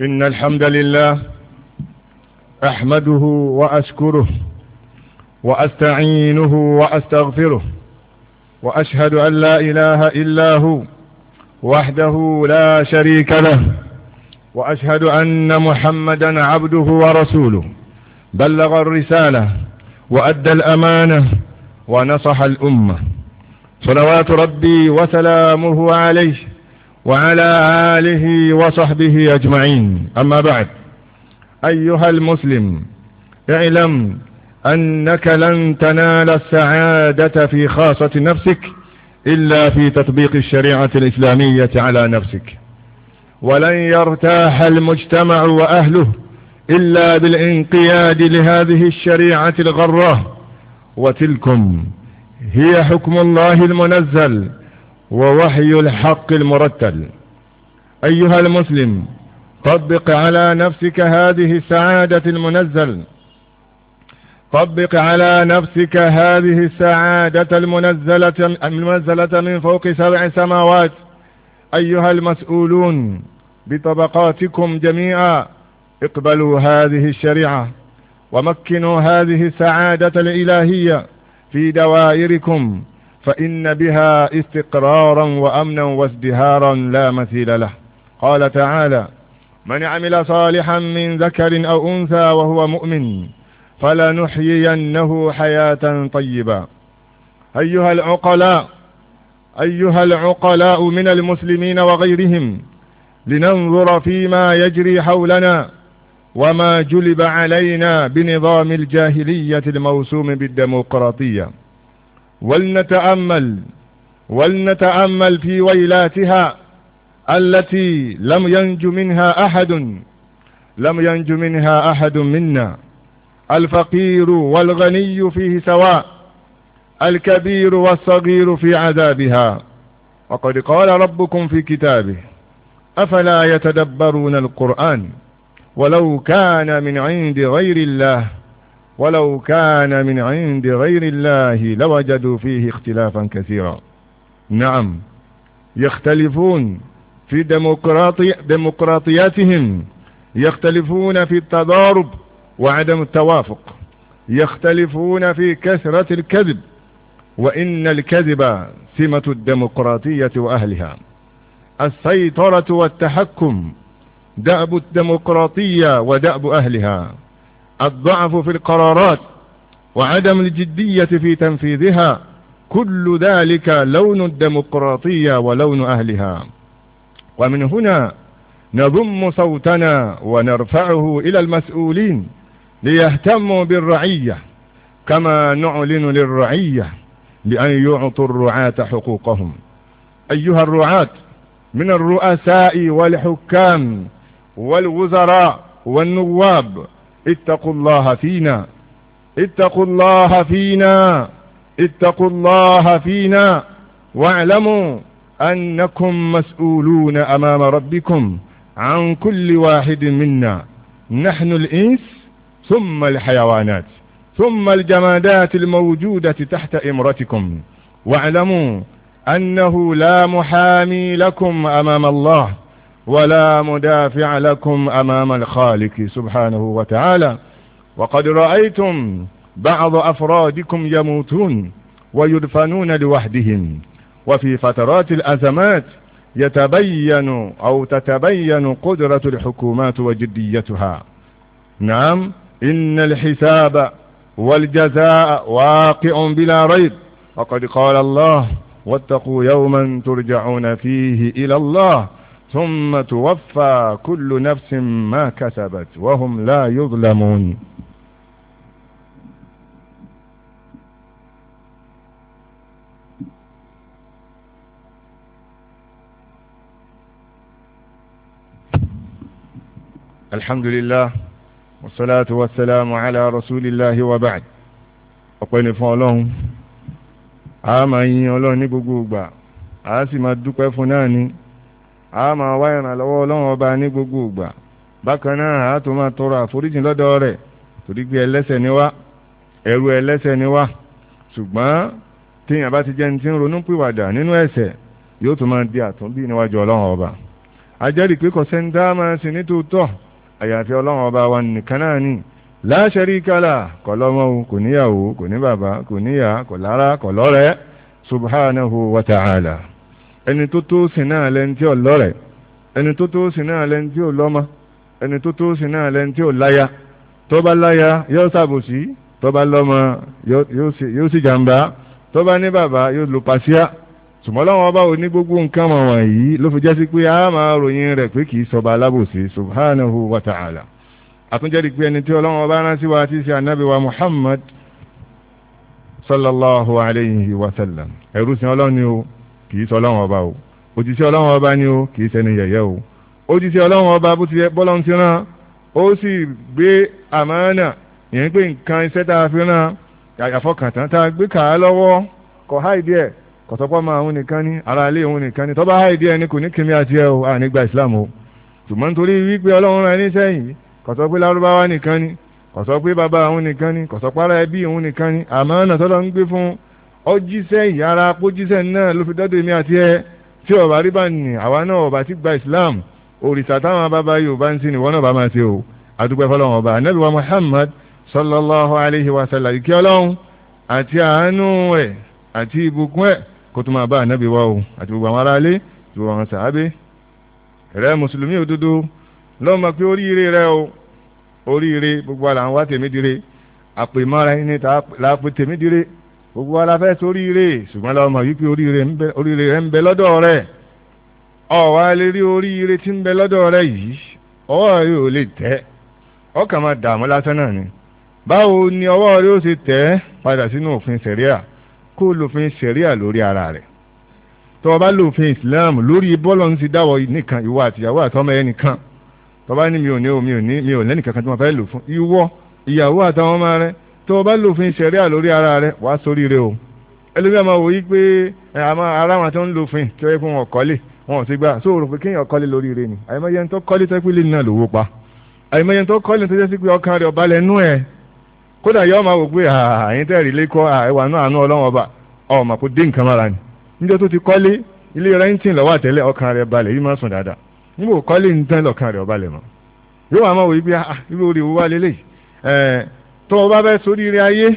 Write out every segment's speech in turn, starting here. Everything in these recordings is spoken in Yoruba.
إن الحمد لله أحمده وأشكره وأستعينه وأستغفره وأشهد أن لا إله إلا هو وحده لا شريك له وأشهد أن محمدا عبده ورسوله بلغ الرسالة وأدى الأمانة ونصح الأمة صلوات ربي وسلامه عليه وعلى آله وصحبه أجمعين أما بعد أيها المسلم اعلم أنك لن تنال السعادة في خاصة نفسك إلا في تطبيق الشريعة الإسلامية على نفسك ولن يرتاح المجتمع وأهله إلا بالانقياد لهذه الشريعة الغرة وتلكم هي حكم الله المنزل ووحي الحق المرتل أيها المسلم طبق على نفسك هذه السعادة المنزل طبق على نفسك هذه السعادة المنزلة, المنزلة من فوق سبع سماوات أيها المسؤولون بطبقاتكم جميعا اقبلوا هذه الشريعة ومكنوا هذه السعادة الإلهية في دوائركم فإن بها استقرارا وأمنا وازدهارا لا مثيل له قال تعالى من عمل صالحا من ذكر أو أنثى وهو مؤمن فلنحيينه حياة طيبة أيها العقلاء أيها العقلاء من المسلمين وغيرهم لننظر فيما يجري حولنا وما جلب علينا بنظام الجاهلية الموسوم بالديمقراطية ولنتأمل ولنتأمل في ويلاتها التي لم ينج منها أحد لم ينج منها أحد منا الفقير والغني فيه سواء الكبير والصغير في عذابها وقد قال ربكم في كتابه أفلا يتدبرون القرآن ولو كان من عند غير الله ولو كان من عند غير الله لوجدوا فيه اختلافا كثيرا نعم يختلفون في ديمقراطي ديمقراطياتهم يختلفون في التضارب وعدم التوافق يختلفون في كثرة الكذب وإن الكذب سمة الديمقراطية وأهلها السيطرة والتحكم دأب الديمقراطية ودأب أهلها الضعف في القرارات وعدم الجدية في تنفيذها كل ذلك لون الديمقراطية ولون أهلها ومن هنا نضم صوتنا ونرفعه إلى المسؤولين ليهتموا بالرعية كما نعلن للرعية بأن يعطوا الرعاة حقوقهم أيها الرعاة من الرؤساء والحكام والوزراء والنواب اتقوا الله فينا اتقوا الله فينا اتقوا الله فينا واعلموا أنكم مسؤولون أمام ربكم عن كل واحد منا نحن الإنس ثم الحيوانات ثم الجمادات الموجودة تحت إمرتكم واعلموا أنه لا محامي لكم أمام الله ولا مدافع لكم أمام الخالق سبحانه وتعالى وقد رأيتم بعض أفرادكم يموتون ويدفنون لوحدهم وفي فترات الأزمات يتبين أو تتبين قدرة الحكومات وجديتها نعم إن الحساب والجزاء واقع بلا ريب وقد قال الله واتقوا يوما ترجعون فيه إلى الله ثم توفى كل نفس ما كسبت وهم لا يظلمون الحمد لله والصلاة والسلام على رسول الله وبعد ọpẹ́ ni fún ọlọ́run a máa yin ọlọ́run a máa wá ìrànlọ́wọ́ ọlọ́run ọba ní gbogbo ìgbà bákan náà a tó máa tọrọ àforíjì lọ́dọ̀ rẹ̀ torí gbé ẹlẹ́ṣẹ̀ ni wá ẹrú ni ṣùgbọ́n bá ti jẹ́ ní ń ronú pìwàdà nínú yóò tó máa di àtúnbí níwájú ọlọ́run ọba ajẹ́rìí pé ń dá máa sí nítòótọ́ àyàfi ọlọ́run ọba wa nìkan náà ni kò ẹni tó tó sìn náà lẹni tí ò lọ́rẹ̀ ẹni tó tó sìn náà lẹni tí ò lọ́mọ ẹni tó tó sìn náà lẹni tí ò láya tó bá láya yóò ṣàbòsí tó bá lọ́mọ yóò sì jàǹbá tó bá ní bàbá yóò lò pàṣíà ṣùgbọ́n láwọn ọba ò ní gbogbo nǹkan wọ̀n yìí ló fi jẹ́ sí pé a máa ròyìn rẹ̀ pé kì í sọba alábòsí subhanahu wa ta'ala àtúnjẹ́rì pé ẹni tí ọlọ́run ọba rán sí wa ti ṣe ànábì wa muhammad sallallahu alayhi wa sallam ẹ̀rú sin ọlọ́run o kì í sọ ọlọ́run ọba o òjíṣẹ́ ọlọ́run ọba ni o kì í ṣẹni yẹ̀yẹ́ o òjíṣẹ́ ọlọ́run ọba bó ti yẹ bọ́lọ́run ti rán ó sì gbé àmánà yẹn pé nǹkan iṣẹ́ tá a fi rán àfọkàntán tá a gbé kà á lọ́wọ́ kọ̀ háìdí ẹ̀ kọ̀tọ́pọ̀ máa ń nìkan ní ara ilé ìhun nìkan ní tọ́ba háìdí ẹ̀ ní kò ní kíní àti ẹ̀ o ànígbà ìsìlámù o ṣùgbọ́n nítorí wípé ọlọ́run rán ẹni sẹ́yìn kọ̀tọ́ pé lárúbáwá nìkan ní kọ̀tọ́ pé bàbá òun nìkan ní kọ̀tọ́ pé ẹbí òun nìkan ní àmánà tọ́lọ́ ń gbé fún un ọjíṣẹ́ ìyára pójíṣẹ́ náà ló fi dọ́dọ̀ èmi àti ẹ tí ọba rí bá nì àwa náà ọba ti gba Islam òrìṣà táwọn bàbá Yorùbá ń sin ìwọ náà bá máa ṣe o àdúgbò fọlọ́wọn ọba anabi wa Muhammad sallallahu alayhi wa sallam ìkẹ́ ọlọ́run àti àánú ẹ̀ àti ìbùkún ẹ̀ kó tó máa bá anabi wa o àti gbogbo àwọn aráalé gbogbo àwọn sàábé rẹ mùsùlùmí òdodo lọ́mọ pé oríire rẹ o oríire gbogbo àlà ń àpèmọ́ra ẹni tá a lápè tèmídìre gbogbo ara fẹ́ ṣùgbọ́n lọ́mọ yìí pé oríire rẹ ń bẹ lọ́dọ̀ rẹ ọ̀wá lè rí oríire tí ń bẹ lọ́dọ̀ rẹ yìí ọwọ́ rẹ ò lè tẹ́ ọkàn máa dààmú lásán náà báwo ni ọwọ́ rẹ ó ṣe tẹ́ padà sínú kó lòfin lórí ara lórí bọ́ọ̀lù ń ti dáwọ́ nìkan ìwọ àtọmọ ẹ nìkan ní mi ò ní mi tó o bá lòfin ṣẹ̀ríà lórí ara rẹ wàá sórí rẹ o ẹlòmíà máa wòye pé ara wọn tó ń lòfin tó yẹ fún wọn kọ́lé ti gbà so rò pé kéèyàn kọ́lé lórí rẹ ni àyèmáyé ń tó kọ́lé tó lówó pa ń tó kọ́lé tó jẹ́ sí pé ọkàn rẹ̀ nú kódà yọ ọba ọmọ kò dé nǹkan mára ni tó ti kọ́lé ilé lọ́wọ́ àtẹ́lẹ̀ ọkàn rẹ̀ balẹ̀ yìí máa sùn dáadáa kọ́lé ń tán lọ́kàn tó o bá fẹ́ ṣoríire ayé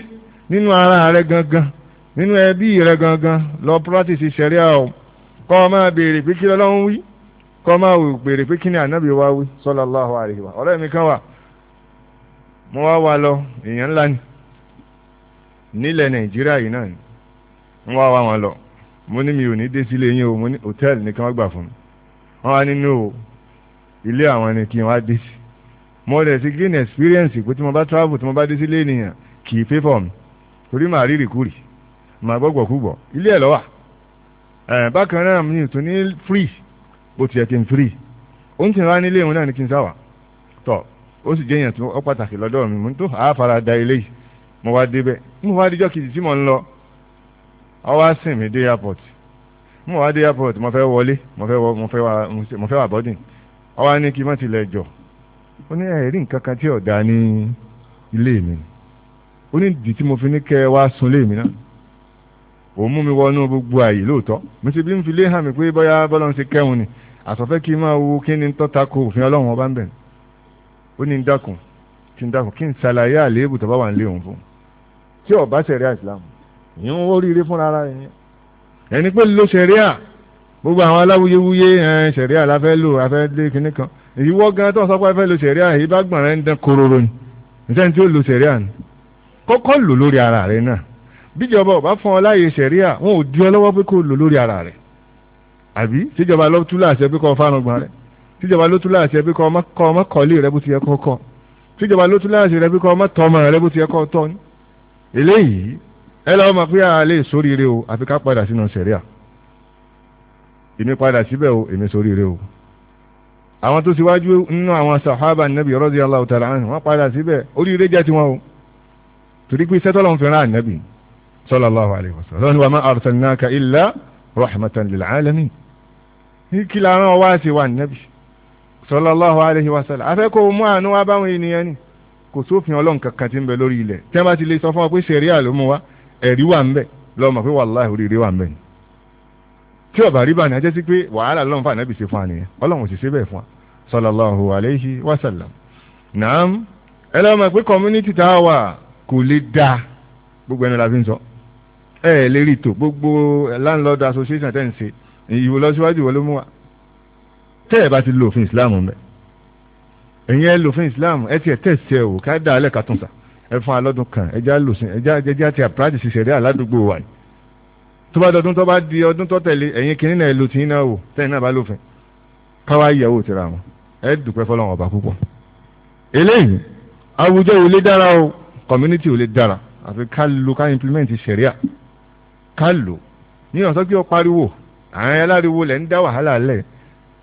nínú ara rẹ gangan nínú ẹbí rẹ gangan lọ practice ṣẹ̀ríà o kọ́ ọ máa béèrè pé kí lọ́lọ́run wí kọ́ ọ máa béèrè pé kí ni ànábì wa wí sallallahu alaihi wa ọ̀rẹ́ mi kan wà mo wá wa lọ èèyàn ńlá ni nílẹ̀ nàìjíríà yìí náà ni wọ́n wá wa wọn lọ mo ní mi ò ní dé sílé yín o mo ní hòtẹ́ẹ̀lì nìkan wọ́n gbà fún mi wọ́n wá nínú ilé àwọn ni kí n wá dé sí mo dẹ̀ ti gain experience pé tí mo bá travel tí mo bá dé sílé ènìyàn kì í pay for mi torí màá rírì kúrì màá gbọ́gbọ̀ kúgbọ̀ ilé ẹ̀ lọ́wà bákan náà mi ò tún ní free bó ti yẹ kí n free òun ti wá nílé òun náà ní kí n sáwà tọ ó sì jẹ́yàn tó ọ pàtàkì lọ́dọ̀ mi mo ń tó àáfàrà da eléyìí mo wá débẹ̀ mo wá díjọ́ kejì tí mo ń lọ ọ wá sìn mí dé airport mo wá dé airport mo fẹ́ wọlé mo fẹ́ wà boarding ọ wá ní kí n má tilẹ̀ jọ̀ ó ní ẹ̀rí nǹkan kan tí ọ̀dà ní ilé mi ó ní ìdí tí mo fi ní kẹ́ ẹ wá sun ilé mi náà òun mú mi wọnú gbogbo àyè lóòótọ́ mo ti bí ń fi lé hàn mí pé bóyá bọ́lá ń ṣe kẹ́hùn ni àsọfẹ́ kí n máa wo kí ni tọ́ta ko òfin ọlọ́run ọba ń bẹ̀ ó ní ń dákun kí ń dákun kí ń ṣàlàyé àléébù tó bá wà ń lé òun fún tí ọba ṣẹ̀ríà Islam ìyẹn ń wóríire fúnra ara ẹ̀yẹn ẹni pé ló ṣẹ̀ríà gbogbo àwọn aláwuyewuye ṣẹ̀ríà la fẹ́ lò afẹ́ lé kinní kan ìwọ gan tó sọ pé fẹ́ lo sẹ̀ríà yìí bá gbọ̀n rẹ̀ ń dán kororo ni nítorí tí ó lo sẹ̀ríà ni kọ́kọ́ lò lórí ara rẹ̀ náà bíjọba ò bá fún ọ láàyè sẹ̀ríà wọn ò di ọ lọ́wọ́ pé kó lò lórí ara rẹ̀ àbí tíjọba ló tú láṣẹ pé kó fánu gbọ̀n rẹ̀ tíjọba ló tú láṣẹ pé kó ọmọ kọ́lé rẹ̀ bó ti yẹ kó kọ́ tíjọba ló tú láṣẹ rẹ̀ pé kó ọmọ tọmọ rẹ̀ bó ti yẹ kó tọ́ ni eléyìí ẹ lọ́wọ́ máa pé a lè sóríire o àfi ká padà sínú sẹ̀ríà èmi padà síbẹ̀ o èmi sóríire o àwọn tó síwájú nínú àwọn sàhábà nàbì radiyallahu ta'ala anhu wọ́n padà síbẹ̀ oríire jẹ́ tiwọn o torí pé sẹ́tọ́lọ́ ń fẹ́ràn ànábì sallallahu alayhi wa sallam lọ́nà wa ma arsalnaka illa rahmatan lil alamin ní kí làwọn wá sí wa nàbì sallallahu alayhi wa sallam afẹ́ kó mú àánú wá báwọn ènìyàn ni kò sófin ọlọ́run kankan ti ń bẹ lórí ilẹ̀ tẹ́ bá ti lè sọ fún ọ pé sẹ̀ríà ló mú wa ẹ̀rí wà ń bẹ lọ́mọ pé wàláhì oríire wà ń bẹ ni tí ọba rí báyìí ajẹ́ sí pé wàhálà lọ́run fún ànábì ṣe fún àníyàn ọlọ́run sì ṣe bẹ́ẹ̀ fún wa sallallahu alayhi wa sallam. naam ẹ lọ́wọ́ mọ̀ pé community tá a wà kò lè da gbogbo ẹni la fi ń sọ ẹ ẹ lè rí tò gbogbo landlord association tẹ́ ń ṣe ìwò lọ́síwájú ìwọ ló mú wa tẹ́ ẹ bá ti lo òfin islam mẹ́ ẹ̀yin ẹ lo òfin islam ẹ tiẹ̀ tẹ̀sí ẹ wò ká dá alẹ́ ká tún sà ẹ fún alọ́dún kan ẹ já lò sí ẹ já ti à practice ṣẹ̀rí aládùúgbò wa yìí tó bá dọdún tó bá di ọdún tó tẹ̀lé ẹ̀yin kìíní náà lò tí náà wò tẹ́yìn náà bá lófin káwá ìyàwó tìra wọn ẹ dúpẹ́ fọlọ́wọn ọba púpọ̀ eléyìí àwùjọ ò lè dára o community ò lè dára àfi ká lo ká implement sẹ̀ríà ká lò ní ọ̀sán kí ọ pariwo àwọn aláriwo lẹ̀ ń dá wàhálà lẹ̀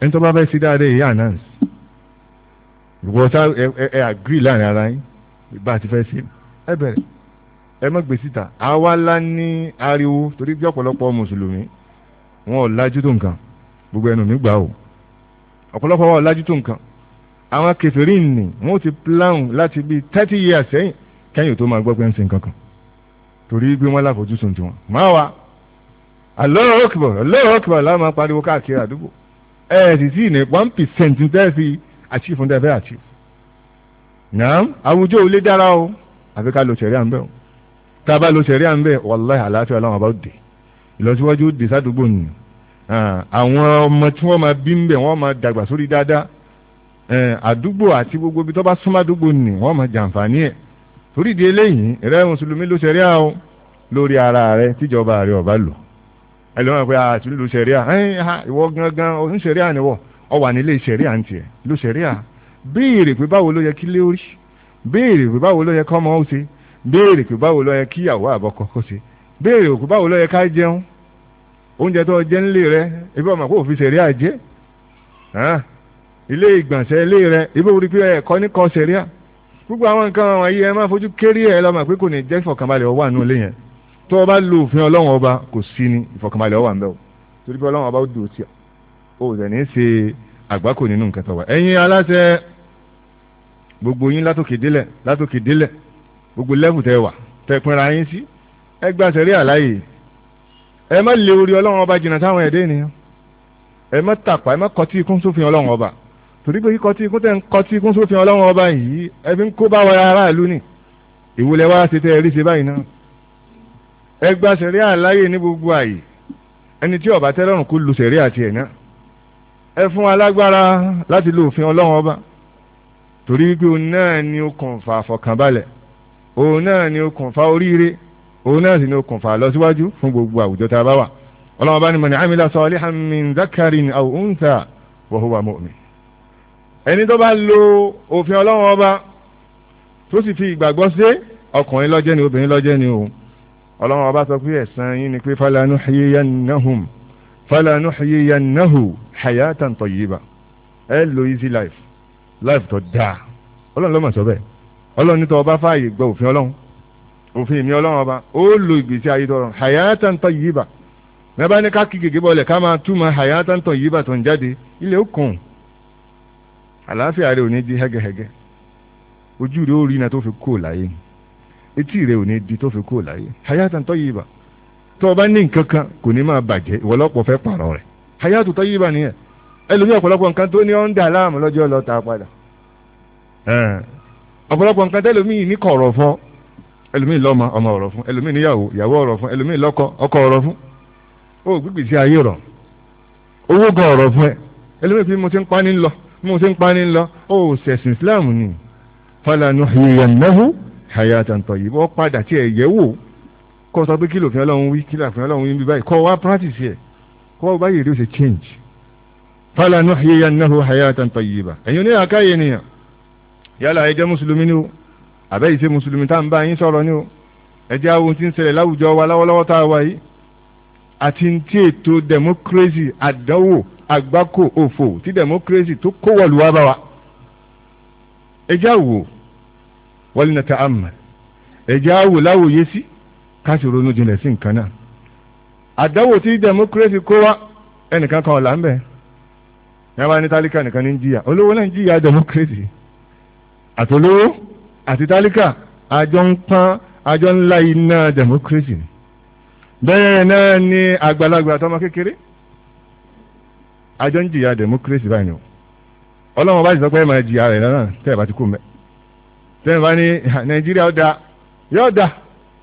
ẹni tó bá fẹ́ sí dáadé ìyá announce ìwọ sá ẹ ẹ agree láàrin ara yín bá a ti fẹ́ sí ẹ bẹ̀rẹ̀ ẹ má gbé síta àwa la ní ariwo torí bí ọ̀pọ̀lọpọ̀ mùsùlùmí wọn ò lájú tó nǹkan gbogbo ẹnu mi gbà o ọ̀pọ̀lọpọ̀ wọn ò lájú tó nǹkan àwọn kẹfìrí nì wọn ò ti plan láti bíi thirty years sẹ́yìn kẹ́yìn tó máa gbọ́ pé ń sin kankan torí pé wọ́n láfojúsùn tiwọn máa wá Allahu Akbar Allahu Akbar láwọn máa pariwo káàkiri àdúgbò ẹ sì sí ní one percent tẹ́ fi achieve fún tẹ́ fẹ́ achieve. nàá àwùjọ ò dára o àfi ká lo sẹ̀rí ń bẹ̀ tá a bá lo sẹ̀rí à ń bẹ̀ wàláhì àlàáfíà làwọn bá dé ìlọsíwájú dé sádùúgbò nù àwọn ọmọ tí wọ́n máa bí ń bẹ̀ wọ́n máa dàgbà sórí dáadáa àdúgbò àti gbogbo ibi tó bá súnmọ́ àdúgbò nù wọ́n máa jàǹfààní ẹ̀ torí ìdí eléyìí rẹ mùsùlùmí ló sẹ̀rí à o lórí ara rẹ tíjọba rẹ ọba lò ẹlòmíràn pé àti lu sẹ̀rí à ìwọ gangan ń sẹ̀rí à níwọ̀ ọ wà nílé sẹ̀rí à ń tiẹ̀ lu sẹ̀rí à béèrè pé báwo ló yẹ kí orí béèrè pé báwo ló yẹ kọ́ ó ṣe béèrè pé báwo ló yẹ kí ìyàwó àbọ̀kọ kó ṣe béèrè òkú báwo ló yẹ ká jẹun oúnjẹ tó jẹ ńlé rẹ ebi ọmọ kó fi ṣẹ̀ríà jẹ ilé ìgbọ̀nsẹ̀ ilé rẹ ibi orí pé ẹ̀kọ́ ní kọ́ ṣẹ̀ríà gbogbo àwọn nǹkan àwọn yìí ẹ máa fojú kéré ẹ lọ́mọ pé kò ní jẹ́ ìfọ̀kànbalẹ̀ ọwọ́ àánú ilé yẹn tó o bá lo òfin ọlọ́run ọba kò sí ni ìfọ̀kànbalẹ̀ ọwọ́ à ń bẹ̀ o torí pé ọlọ́run ọba ó dùn ó tiẹ̀ o ò tẹ̀lé ṣe àgbákò nínú nǹkan tó wà ẹ̀yin aláṣẹ gbogbo yín látòkè délẹ̀ látòkè délẹ̀ gbogbo lẹ́fù tẹ wà tẹ pinra yín sí ẹ gba sẹ̀rí àláyè ẹ má lé orí ọlọ́run ọba jìnnà táwọn ẹ̀dẹ́ ènìyàn ẹ má tàpá ẹ má kọtí ikún sófin ọlọ́run ọba torí pé kíkọtí ikún tẹ̀ ń kọtí ikún sófin ọlọ́run ọba yìí ẹ fi ń kó bá wa aráàlú ni ìwúlẹ̀ wa ṣe tẹ ẹ rí ṣe báyìí náà ẹ gba sẹ̀rí àláyè ní gbogbo àyè ẹni tí ọba tẹ́lọ́rùn kó lu sẹ̀rí àti ẹ̀ náà ẹ fún alágbára láti lo òfin ọlọ́run ọba torí pé òun náà ni ó kàn fà àfọ̀kànbalẹ̀ òun náà ni okùnfà oríire òun náà sì ni okùnfà lọsíwájú fún gbogbo àwùjọ tá a bá wà ọlọ́run bá ní man amila salihan min dhakarin aw untha wa huwa mu'min ẹni tó bá lo òfin ọlọ́run ọba tó sì fi ìgbàgbọ́ sí ọkùnrin lọ́jẹ́ ni obìnrin lọ́jẹ́ ni o ọlọ́run ọba sọ pé ẹ̀san yín ni pé falanuhyiyannahum falanuhyiyannahu hayatan tayyiba ẹ lo easy life life tó dáa ọlọ́run ló mọ̀ sọ bẹ́ẹ̀ ọlọ́run nítorí ọba fààyè gba òfin ọlọ́run òfin ìmí ọlọ́run ọba ó lo ìgbésí ayé tọrọ hayatan tayyiba mẹ́bàá ní ká kí gègé bọ́ọ̀lẹ̀ ká máa túmọ̀ hayatan tayyiba tó ń jáde ilé ó kùn àlàáfíà rẹ ò ní di hẹ́gẹ́hẹ́gẹ́ ojú rẹ ó rí iná tó fi kú láyé etí rẹ ò ní di tó fi kú láyé hayatan tayyiba tó o bá ní nǹkan kan kò ní máa bàjẹ́ ìwọlọ́pọ̀ fẹ́ pààrọ̀ rẹ̀ hayatu tayyiba nìyẹn ẹlòmíì ọ̀pọ̀lọpọ̀ nǹkan tó ní ọ́ ń dà láàmú lọ́jọ́ lọ́ta padà ọ̀pọ̀lọpọ̀ nǹkan tẹ́lómi ní kọ̀ ọ̀rọ̀ fún ẹlòmíì lọ́mọ ọmọ ọ̀rọ̀ fún ẹlòmíì níyàwó ìyàwó ọ̀rọ̀ fún ẹlòmíì lọ́kọ ọkọ ọ̀rọ̀ fún ó gbígbì sí ayé rọ̀ owó gan ọ̀rọ̀ fún ẹ ẹlòmíì fi mo ti ń pa ní lọ mo ti ń pa ní lọ ó ṣẹ̀sìn Islam ni falanu hiyannahu hayatan tayyib ó padà tí ẹ yẹ wò kó sọ pé kí lòfin Ọlọ́run wí kí lòfin Ọlọ́run yálà ẹ jẹ́ mùsùlùmí ni o àbẹ́ ìṣe mùsùlùmí tá à ń bá yín sọ̀rọ̀ ni o ẹ jẹ́ àwọn tí ń ṣẹlẹ̀ láwùjọ wa lọ́wọ́lọ́wọ́ tá a wà yìí àti ti ètò democracy àdánwò àgbákò òfò tí democracy tó kó wọ̀lú wa bá wa ẹ jẹ́ àwò wọlé náà tá a mọ̀ ẹ jẹ́ àwò láwòye sí ká sì ronú jinlẹ̀ sí nǹkan náà àdánwò tí democracy kó wa ẹnìkan kan ọ̀la ń bẹ̀ yàrá ní tálíkà nìkan ní ń jìyà olówó náà ń jìyà democracy àtolówó àti tálíkà àjọ ń pán àjọ ńlá iná democracy ni bẹ́ẹ̀ náà ni àgbàlagbà àtọmọ kékeré àjọ ń jìyà democracy báyìí o ọlọ́run bá ti sọ pé ẹ̀ máa jìyà rẹ̀ náà tẹ́ ẹ̀ bá ti kú mẹ́ tẹ́ ẹ̀ bá ní nàìjíríà ó da yóò da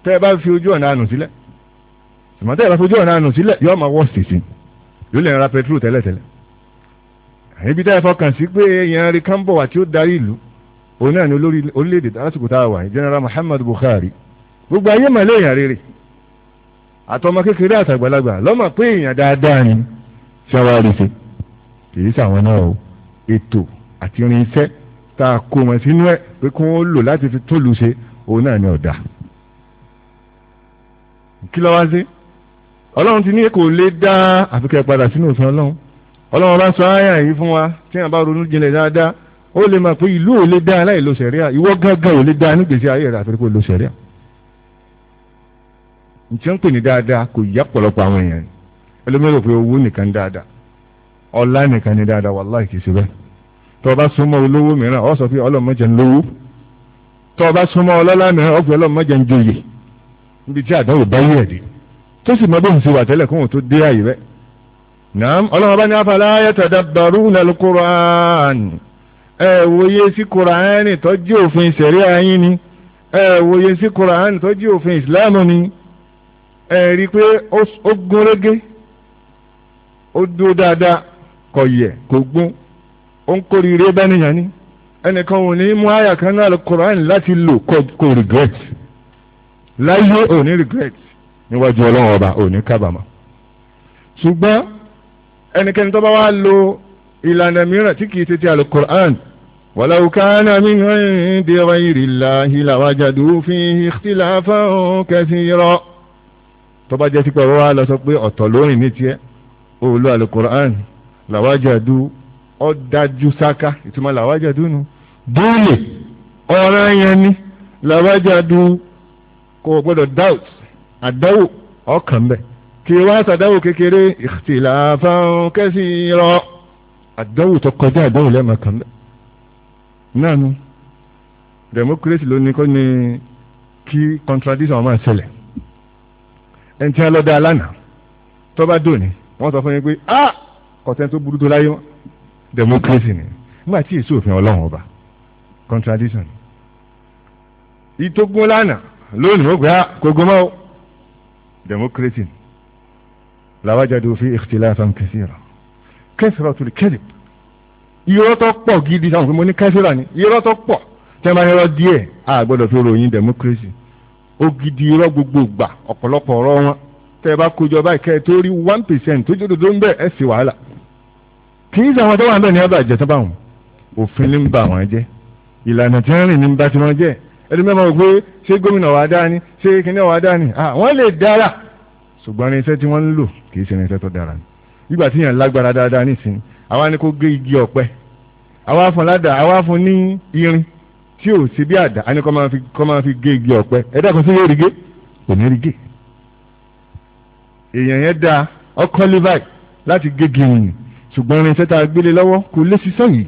tẹ́ ẹ̀ bá fi ojú ọ̀nà ànù sílẹ̀ tùmọ̀ tẹ́ ẹ̀ bá fi ojú ọ̀nà ànù sílẹ̀ yóò máa wọ́ sèṣì yóò lè ra pẹtrol tẹ́lẹ̀tẹ́lẹ̀ ibi tẹ́ ẹ fọkàn sí pé èèyàn rí kánbọ̀ ó darí ìlú òun náà ni olórí orílẹ̀-èdè lásìkò tá a wà ní general muhammadu buhari gbogbo ayé màlẹ́ èèyàn rere àtọmọ kékeré àtàgbàlagbà lọ́mọ pé èèyàn dáadáa ni ṣàwárí ṣe kì í ṣàwọn náà o ètò àti irinṣẹ́ tá a kó wọn sínú ẹ̀ pé kí wọ́n lò láti fi tóòlù ṣe òun náà ni ọ̀dà kí ló wá sí ọlọ́run ti ní kò lè dá àfikẹ́ padà sínú òfin ọlọ́run ọlọ́run bá sọ áyà yìí fún wa tí wọ́n ronú jinlẹ̀ dáadáa ó lè mọ̀ pé ìlú ò lè dá aláì lo sẹ̀ríà ìwọ gángan ò lè dá nígbèsí ayé rẹ̀ àfi kó lo sẹ̀ríà. nǹkan ń pè ní dáadáa kò yá pọ̀lọpọ̀ àwọn èèyàn ẹlòmíràn pé owó nìkan dáadáa nìkan ni dáadáa wàláì kìí ṣe bẹ́ẹ̀ tó o bá súnmọ́ olówó mìíràn ọ sọ pé ọlọ́mọdé ń lówó tó o bá súnmọ́ ọlọ́lá mìíràn ọ ń joyè tí àdánwò bá yẹ̀ dé tó sì mọ ṣe wà ẹ wòye sí kuraani tó jẹ́ òfin sẹ̀ríà yín ni ẹ wòye sí kuraani tó jẹ́ òfin ìsìláàmù ni ẹ rí i pé ó gún régé ó dúró dáadáa kò yẹ kò gbó ó ń kórìíre ni ẹnìkan ò ní mú àyà kan náà kuraani láti lò kò regret láyé ò ní regret níwájú ọlọ́run ọba ò ní kábàámọ̀ ṣùgbọ́n ẹnikẹ́ni tó bá wá lo ìlànà mìíràn tí kìí tètè àlùkùránì ولو كان من عند غير الله لوجدوا فيه اختلافا كثيرا tó bá jẹ́ sí pé wọ́n á lọ sọ pé ọ̀tọ̀ lórin ní tiẹ̀ olú alukur'an làwájàdú ọ̀dájú sáká ìtumọ̀ làwájàdú nu dúlè ọ̀rọ̀ yẹn ni làwájàdú kò gbọ́dọ̀ doubt àdáwò ọkàn bẹ̀ kí wá sàdáwò kékeré ikhtilafan kathira àdáwò tó kọjá àdáwò lẹ́ẹ̀mọ̀ kan bẹ́ẹ̀ náà ni democracy ló ní kó ní kí contradiction máa ṣẹlẹ̀ ẹni tí wọ́n lọ dá lánàá tó bá dòní wọ́n sọ fún yín pé ah kọ̀tẹ́ tó burú tó láyé wọn democracy ni nígbà tí èso òfin ọlọ́run ọba contradiction ìtógun lánàá lónìí wọ́n pè á kógó mọ́ democracy làwájáde òfin ìkìtìlá àfàǹkẹsì rà kẹsìrọ̀ tó lè kẹ́lẹ̀ irọ́ tó pọ̀ gidi táwọn fún mi ní kẹ́sìrà ni irọ́ tó pọ̀ tẹ́ bá irọ́ díẹ̀ a gbọ́dọ̀ fi ròyìn democracy ògidì irọ́ gbogbo gbà ọ̀pọ̀lọpọ̀ ọ̀rọ̀ wọn tẹ́ bá kójọ báyìí kẹ́ ẹ tó rí one percent tó jòdòdó ń bẹ̀ ẹ̀ sì wàhálà kì í sàwọn tó wà ń bẹ̀ ní ọba àjẹsán bá wọn òfin ló ń bà wọn jẹ́ ìlànà tí wọ́n rìn ní bá ti wọn jẹ́ ẹni mẹ́fà wò pé ṣé gómìnà wà dáa ni ṣé kíní wà dáa ni wọ́n lè dára ṣùgbọ́n irinṣẹ́ tí wọ́n ń lò kì í ṣe irinṣẹ́ tó dára ni ìgbà tí yàn lágbára dáadáa nísìnyí àwa ni kó gé igi ọ̀pẹ àwa fún ládàá àwa fún ní irin tí ò sí bí àdá àní kọ́ máa fi kọ́ máa fi gé igi ọ̀pẹ ẹ̀dá kan sí yóò rí gé kò ní rí èèyàn yẹn dáa ọkọ levi láti gégi yìnyín ṣùgbọ́n irinṣẹ́ tá a gbélé lọ́wọ́ kò lè ṣiṣẹ́ yìí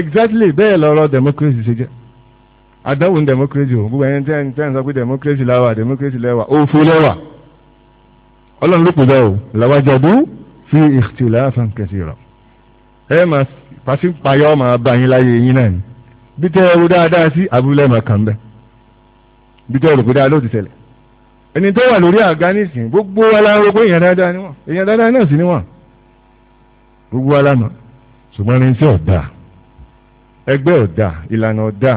exactly bẹ́ẹ̀ lọ́rọ̀ democracy ṣe jẹ́ àdánwò democracy o gbogbo ẹni tẹ́ni tẹ́ni sọ pé democracy lẹ́wà democracy lẹ́wà òfo lẹ́wà ọlọ́run ló pè bẹ́ẹ̀ o làwájọ́ bú fi ikhtilafan kathira. ẹ máa pàṣípàyọ́ máa bá yín láyé yín náà ni bí tẹ́ ẹ wo dáadáa sí abúlé máa kàn bí ẹ rò pé dáadáa ti sẹlẹ. ẹni tó wà lórí àga nísìn gbogbo aláwo pé èèyàn dáadáa ni wọn èèyàn dáadáa náà sì ni wọn gbogbo alámọ ṣùgbọ́n ní iṣẹ́ ọ̀dà ẹgbẹ́ ọ̀dà ìlànà ọ̀dà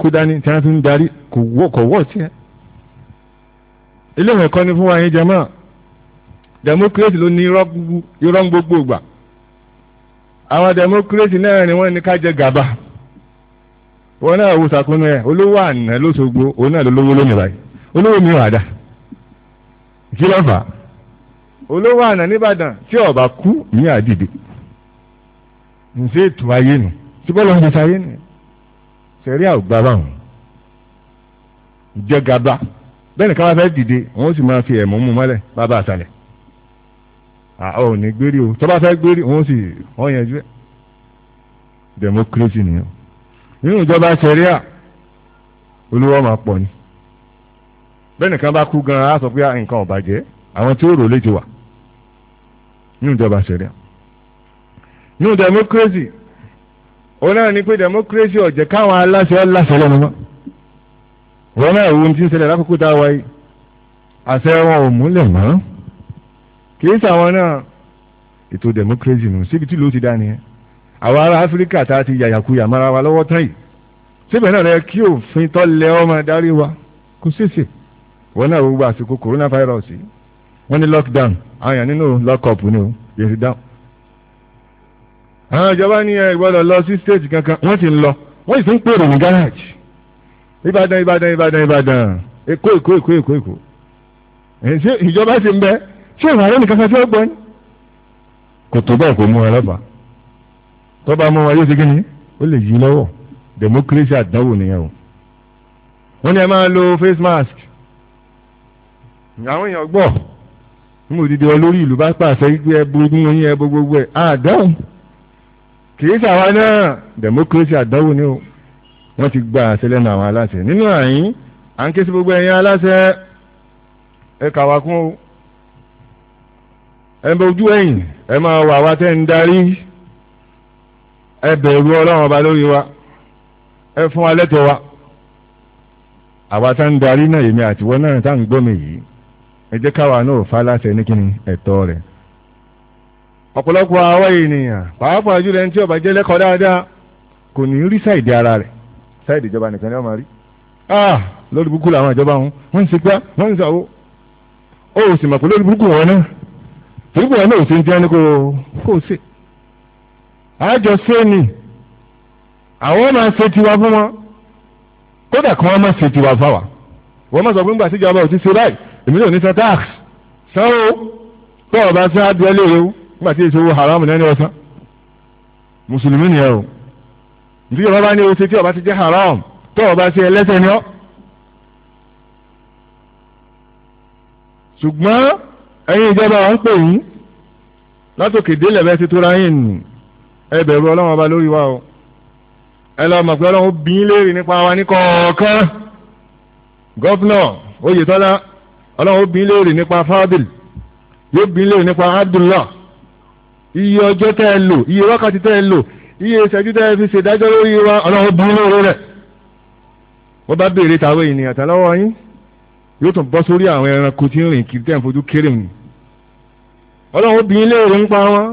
kó dání tí wọ́n ń àwọn democracy náà ni wọ́n ní ká jẹ gàba wọn náà wò sàkúnú ẹ olówó àná lóṣogbo òun náà lólówó lónìí báyìí olówó mi wà dà kí ló fà olówó àná nìbàdàn tí ọba kú ní àdìdì nse ètò ayé nu tí bọ́lá ń ṣe ayé nu sẹ̀rí àgbà báwọn jẹ gàba bẹ́ẹ̀ ni káwá fẹ́ dìde wọ́n sì máa fi ẹ̀mú mú mọ́lẹ̀ bàbá àtàlẹ̀ ò ah, ní gbérí o tó bá fẹ́ gbérí òun sì wọ́n yanjú ẹ̀ democracy nìyẹn nínú ìjọba sẹríà olówó máa pọ̀ ni bẹ́ẹ̀ nìkan bá kú gan-an á sọ pé nǹkan ò bàjẹ́ àwọn tí ó rò léjì wà nínú ìjọba sẹríà nínú democracy òun náà ni pé democracy ó jẹ́ káwọn aláṣẹ láṣẹ lọ́nà mọ́ wọn náà wo ohun tí ń ṣẹlẹ̀ lákòókò tá a wáyé àṣẹ wọn ò múlẹ̀ mọ́ kìí sàwọn náà ètò democracy nù síbi tí ló ti dá nìyẹn àwọn ará áfíríkà tá a ti yàyàkuyà mara wa lọ́wọ́ tán yìí síbẹ̀ náà lẹ kí òfin tọ́lẹ̀ ọmọ darí wa kò ṣèṣe wọn náà gbogbo àsìkò coronavirus yìí wọ́n ní lockdown àwọn èèyàn nínú lockup ni o yẹ ti dáhùn. àwọn ìjọba ní ẹ gbọ́dọ̀ lọ sí state kankan wọ́n ti ń lọ wọ́n sì ń pèrò ní garage ìbàdàn ìbàdàn ìbàdàn ìbàdàn èkó èkó èkó èkó èkó ìjọba ti ń bẹ́ẹ̀ ṣé ìrànlẹ́ nìkan kan tí ó gbọ́ ni. kò tó bẹ́ẹ̀ kò mú wọn lọ́fà tó bá mú wọn yóò ṣe kí ni ó lè yí lọ́wọ́ democracy àdánwò nìyẹn o. wọ́n ní ẹ máa lo face mask àwọn èèyàn gbọ́ ní mo dìde olórí ìlú bá pàṣẹ gbígbé ẹbu nínú yín ẹbu gbogbo ẹ àdáhùn kìí ṣàwa náà democracy àdánwò ni o wọ́n ti gba àṣẹ lẹ́nu àwọn aláṣẹ nínú àyín à ń ké sí gbogbo ẹ̀yin aláṣẹ ẹ̀ka wa kún o ẹ bẹ ojú ẹ̀yìn ẹ máa wà wá tẹ́ ń darí ẹ bẹ̀rù ọlọ́run ọba lórí wa ẹ fún wa lẹ́tọ̀ọ́ wa àwa tá ń darí náà èmi àtiwọ́ náà tá ń gbọ́mi yìí ẹ jẹ́ káwa náà fa láṣẹ ní kíni ẹ̀tọ́ rẹ̀ ọ̀pọ̀lọpọ̀ àwọn ènìyàn pàápàá jùlọ ẹni tí ọba jẹ́ lẹ́kọ̀ọ́ dáadáa kò ní rí sáìdì ara rẹ̀ sáìdì ìjọba nìkan ni wọ́n máa rí ah lórí burúkú làwọn ìjọba wọn wọ́n ń sepá wọ́n ń sàwó ó sì mọ̀ pé lórí burúkú wọn náà torí pé wọn náà ò sí ní jẹ́ ní kò kò sí. àjọ sẹ́ni àwọn máa ṣe tiwa fún wọn kódà kí wọ́n máa ṣe tiwa fáwa wọ́n máa sọ pé nígbà tíjọba ò ti ṣe báyìí èmi náà ní sọ tax sanwó tó ọba sí adìẹ léèrè o nígbà tí èso haramu náà ní ọsán mùsùlùmí nìyẹn o ìdíjọba bá ní o ṣe tí ọba ti jẹ́ haram tó ọba sí ẹlẹ́sẹ̀ ni ọ́ ṣùgbọ́n ẹ̀yin ìjọba wa ń pè yín látòkè délẹ̀ bẹ́ẹ̀ ti tóra yín nù ẹ bẹ̀rù ọlọ́run ọba lórí wa o ẹ lọ mọ̀ pé ọlọ́run bí yín léèrè nípa wa ní kọ̀ọ̀kan gọ́fúnà oyètọ́lá ọlọ́run bí yín léèrè nípa fábìl yóò bí yín léèrè nípa abdullah iye ọjọ́ tẹ́ ẹ lò iye wákàtí tẹ́ ẹ lò iye ìṣẹ́jú tẹ́ ẹ fi ṣèdájọ́ lórí wa ọlọ́run bí yín léèrè rẹ̀ wọ́n bá béèrè tàwé ènìyàn tán yín yóò tún bọ́ sórí àwọn ẹranko tí ń rìn kiri tẹ́ ń fojú kéré mu ọlọ́run obìnrin léèrè ń pa wọn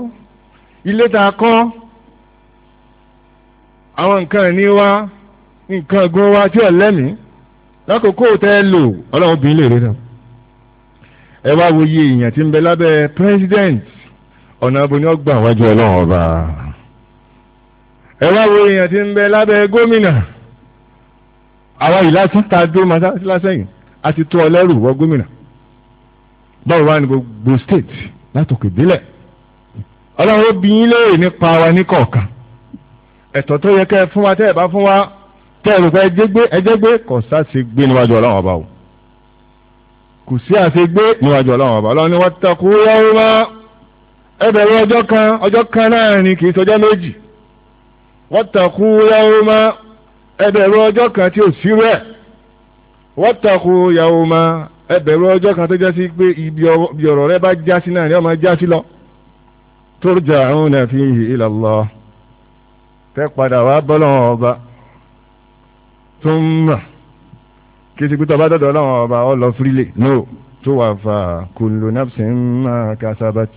ilé tá a kọ́ àwọn nǹkan ìní wa nǹkan ìgún wa tí ò lẹ́mìí lákòókò tẹ́ ẹ lò ọlọ́run obìnrin léèrè náà ẹ wá wo iye èèyàn tí ń bẹ lábẹ́ president ọ̀nà abo ni ó gbà wájú ọlọ́run ọba ẹ wá wo èèyàn tí ń bẹ lábẹ́ gómìnà àwa yìí lásán tá máa lásán a ti tó ọ lẹ́rù wọ gómìnà báwo wá ní gbogbo state látòkè délẹ̀ ọlọ́run ó bi yín léèrè nípa wa ní kọ̀ọ̀kan ẹ̀tọ́ tó yẹ kẹ́ ẹ fún wa tẹ́ ẹ bá fún wa tẹ́ ẹ rò pé ẹjẹ́ gbé kò gbé níwájú ọlọ́run ọba o kò sí àṣegbé níwájú ọlọ́run ọba wattaqu yawma ẹ bẹ̀rù ọjọ́ kan tó jásí pé ibi ọ̀rọ̀ rẹ bá jásí náà ni ó máa jásí lọ turja'una fihi ila Allah tẹ́ padà wá bọ́lọ́wọ́n ọba thumma kí ti pítọ́ bá dọ̀dọ̀ ọlọ́wọ́n ọba ọ lọ fírílẹ̀ no tuwaffa kullu nafsin ma kasabat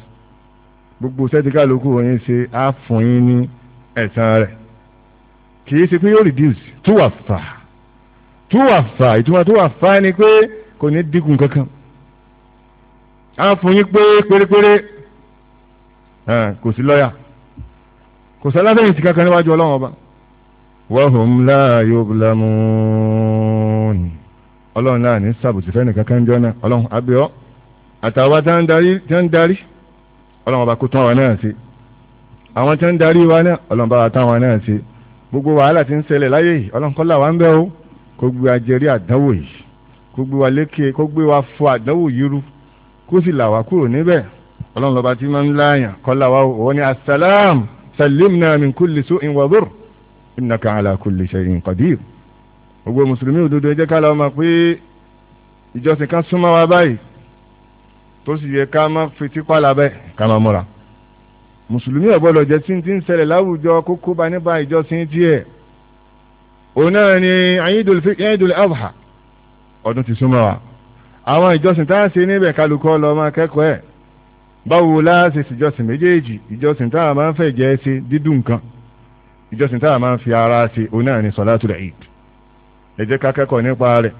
gbogbo sẹ́ẹ̀tì òyìn ṣe á ní ẹ̀san rẹ̀ kì ṣe pé yóò reduce tuwaffa túwàfà ìtumọ̀ túwàfà ni pé kò ní dínkù kankan á fún yín pé pérépéré kò sí lọ́yà kò sí aláfẹ̀yìntì kankan níwájú ọlọ́run ọba wahum la yublamun ọlọ́run náà ní sàbùtì fẹ́ẹ́ nìkan kan jọ náà ọlọ́run abẹ́ọ́ àtàwọn tí wọ́n ń darí ọlọ́run ọba kó tán àwọn náà sí àwọn tí wọ́n ń darí wa náà ọlọ́run bá wa tán àwọn náà sí gbogbo wàhálà tí ń ṣẹlẹ̀ láyé yìí ọlọ́run kọ́lá wa ń bẹ o kó gbé wa jẹrí àdánwò yìí kó gbé wa lékè kó gbé wa fọ àdánwò yìí rú kó sì là wá kúrò níbẹ̀ ọlọ́run lọ́ba tí máa ń láàyàn kọ́lá wa òun ni asalaam salimna min kulli su'in wa dhur innaka ala kulli shay'in qadir gbogbo mùsùlùmí òdodo ẹ ká lọ́ọ́ máa pé ìjọsìn kan súnmọ́ wa báyìí tó sì yẹ ká má fetí pàlà bẹ́ẹ̀ ká má múra mùsùlùmí ọ̀gbọ́dọ̀ jẹ́ tí ń ti ń ṣẹlẹ̀ láwùjọ kókó bá nípa ìjọsìn tiẹ̀ òun náà ni Eidul Adha ọdún ti súnmọ́ wa àwọn ìjọsìn tá a ṣe níbẹ̀ kálukọ́ lọ máa kẹ́kọ̀ọ́ ẹ̀ báwo la ṣe ṣèjọsìn méjèèjì ìjọsìn tá a máa ń fẹ́ jẹ́ ṣe dídùn nǹkan ìjọsìn tá a máa ń fi ara ṣe òun náà ni Salatul Eid ẹ jẹ́ ká kẹ́kọ̀ọ́ nípa rẹ̀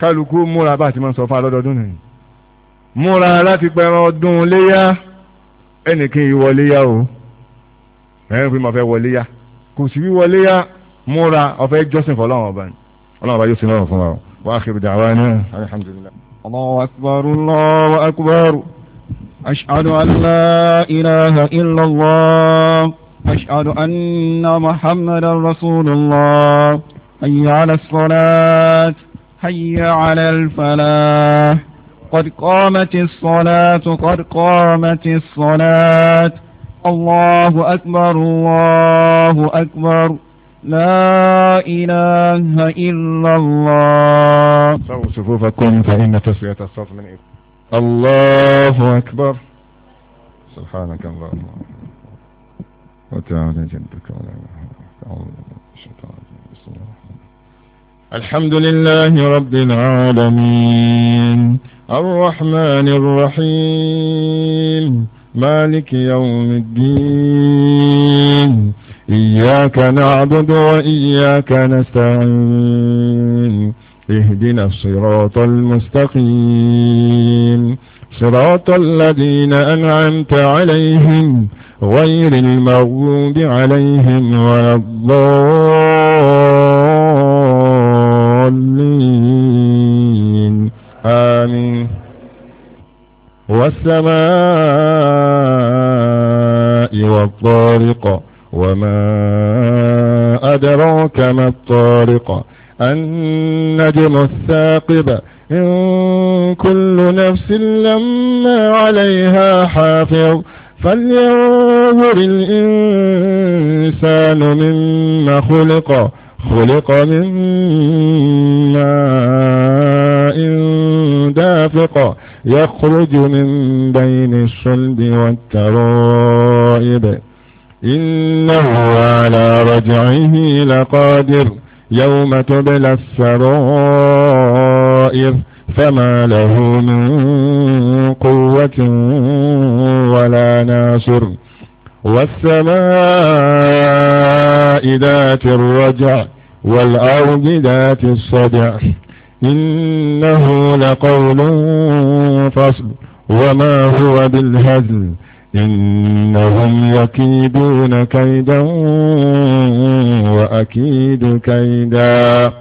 kálukú múra bá ti máa ń sọ fún alọ́dọọdún nìyí múra láti pẹran ọdún léyà ẹnìkan ìwọléyà o ẹ̀ ń fi máa fẹ́ wọléyà kò sí wíwọléyà مورا اوفا جوسن فلان بان الله با يوسن الله فلان واخر دعوانا الحمد لله الله اكبر الله اكبر اشهد ان لا اله الا الله اشهد ان محمدا رسول الله حي على الصلاه حي على الفلاح قد قامت الصلاه قد قامت الصلاه الله اكبر, الله أكبر لا إله إلا الله سووا صفوفكم فإن تسوية الصوت من إيه الله أكبر سبحانك اللهم وتعالى جدك ولا الحمد لله رب العالمين الرحمن الرحيم مالك يوم الدين إياك نعبد وإياك نستعين اهدنا الصراط المستقيم صراط الذين أنعمت عليهم غير المغضوب عليهم ولا الضالين آمين والسماء والطارق وما أدراك ما الطارق النجم الثاقب إن كل نفس لما عليها حافظ فلينظر الإنسان مما خلق خلق من ماء دافق يخرج من بين الصلب والترائب إنه على رجعه لقادر يوم تبلى السرائر فما له من قوة ولا ناصر والسماء ذات الرجع والأرض ذات الصدع إنه لقول فصل وما هو بالهزل إنهم يكيدون كيدا وأكيد كيدا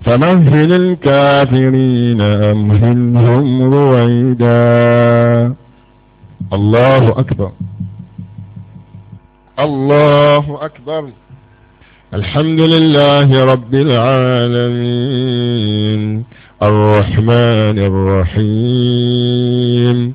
فمهل الكافرين أمهلهم رويدا الله أكبر الله أكبر الحمد لله رب العالمين الرحمن الرحيم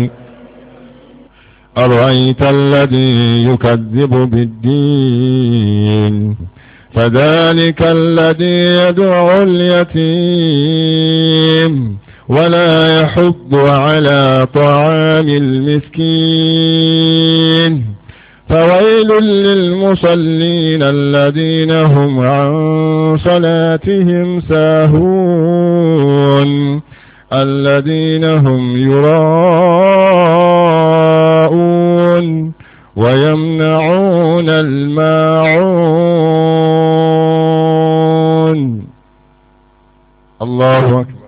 أرأيت الذي يكذب بالدين فذلك الذي يدعو اليتيم ولا يحض على طعام المسكين فويل للمصلين الذين هم عن صلاتهم ساهون الذين هم يراءون ويمنعون الماعون الله أكبر